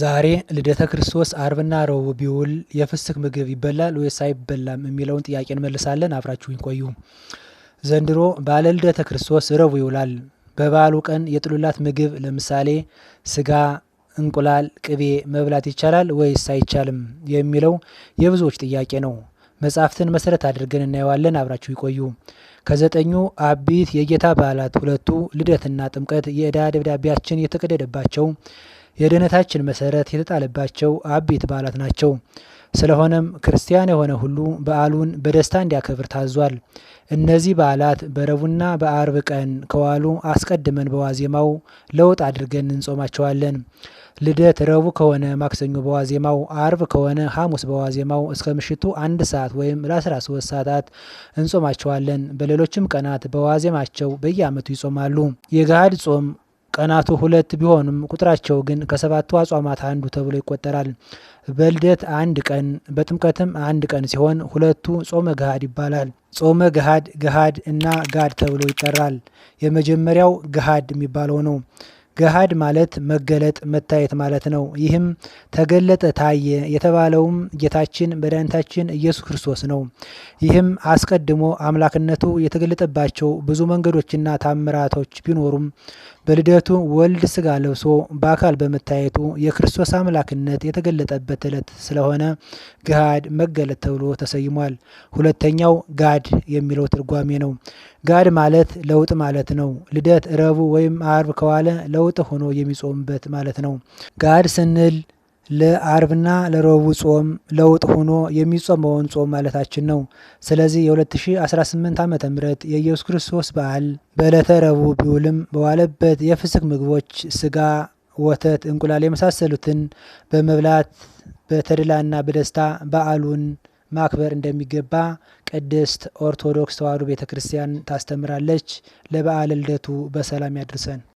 ዛሬ ልደተ ክርስቶስ አርብና ረቡዕ ቢውል የፍስክ ምግብ ይበላል ወይስ አይበላም የሚለውን ጥያቄ እንመልሳለን። አብራችሁኝ ቆዩ። ዘንድሮ ባለ ልደተ ክርስቶስ ረቡዕ ይውላል። በበዓሉ ቀን የጥሉላት ምግብ ለምሳሌ ስጋ፣ እንቁላል፣ ቅቤ መብላት ይቻላል ወይስ አይቻልም የሚለው የብዙዎች ጥያቄ ነው። መጽሐፍትን መሰረት አድርገን እናየዋለን። አብራችሁ ይቆዩ። ከዘጠኙ አበይት የጌታ በዓላት ሁለቱ ልደትና ጥምቀት የዕዳ ደብዳቤያችን የተቀደደባቸው የድኅነታችን መሰረት የተጣለባቸው አበይት በዓላት ናቸው። ስለሆነም ክርስቲያን የሆነ ሁሉ በዓሉን በደስታ እንዲያከብር ታዟል። እነዚህ በዓላት በረቡና በአርብ ቀን ከዋሉ አስቀድመን በዋዜማው ለውጥ አድርገን እንጾማቸዋለን። ልደት ረቡ ከሆነ ማክሰኞ በዋዜማው፣ አርብ ከሆነ ሐሙስ በዋዜማው እስከ ምሽቱ አንድ ሰዓት ወይም ለ13 ሰዓታት እንጾማቸዋለን። በሌሎችም ቀናት በዋዜማቸው በየዓመቱ ይጾማሉ። የገሃድ ጾም ቀናቱ ሁለት ቢሆንም ቁጥራቸው ግን ከሰባቱ አጽዋማት አንዱ ተብሎ ይቆጠራል። በልደት አንድ ቀን በጥምቀትም አንድ ቀን ሲሆን ሁለቱ ጾመ ገሃድ ይባላል። ጾመ ገሃድ ገሃድ እና ጋድ ተብሎ ይጠራል። የመጀመሪያው ገሃድ የሚባለው ነው። ገሃድ ማለት መገለጥ መታየት ማለት ነው። ይህም ተገለጠ ታየ የተባለውም ጌታችን መድኃኒታችን ኢየሱስ ክርስቶስ ነው። ይህም አስቀድሞ አምላክነቱ የተገለጠባቸው ብዙ መንገዶችና ታምራቶች ቢኖሩም በልደቱ ወልድ ስጋ ለብሶ በአካል በመታየቱ የክርስቶስ አምላክነት የተገለጠበት ዕለት ስለሆነ ገሃድ መገለጥ ተብሎ ተሰይሟል። ሁለተኛው ጋድ የሚለው ትርጓሜ ነው። ጋድ ማለት ለውጥ ማለት ነው። ልደት ረቡዕ ወይም አርብ ከዋለ ለው ለውጥ ሆኖ የሚጾምበት ማለት ነው። ጋድ ስንል ለአርብና ለረቡ ጾም ለውጥ ሆኖ የሚጾመውን ጾም ማለታችን ነው። ስለዚህ የ2018 ዓ ም የኢየሱስ ክርስቶስ በዓል በዕለተ ረቡ ቢውልም በዋለበት የፍስክ ምግቦች ስጋ፣ ወተት፣ እንቁላል የመሳሰሉትን በመብላት በተድላና በደስታ በዓሉን ማክበር እንደሚገባ ቅድስት ኦርቶዶክስ ተዋሕዶ ቤተ ክርስቲያን ታስተምራለች። ለበዓለ ልደቱ በሰላም ያድርሰን።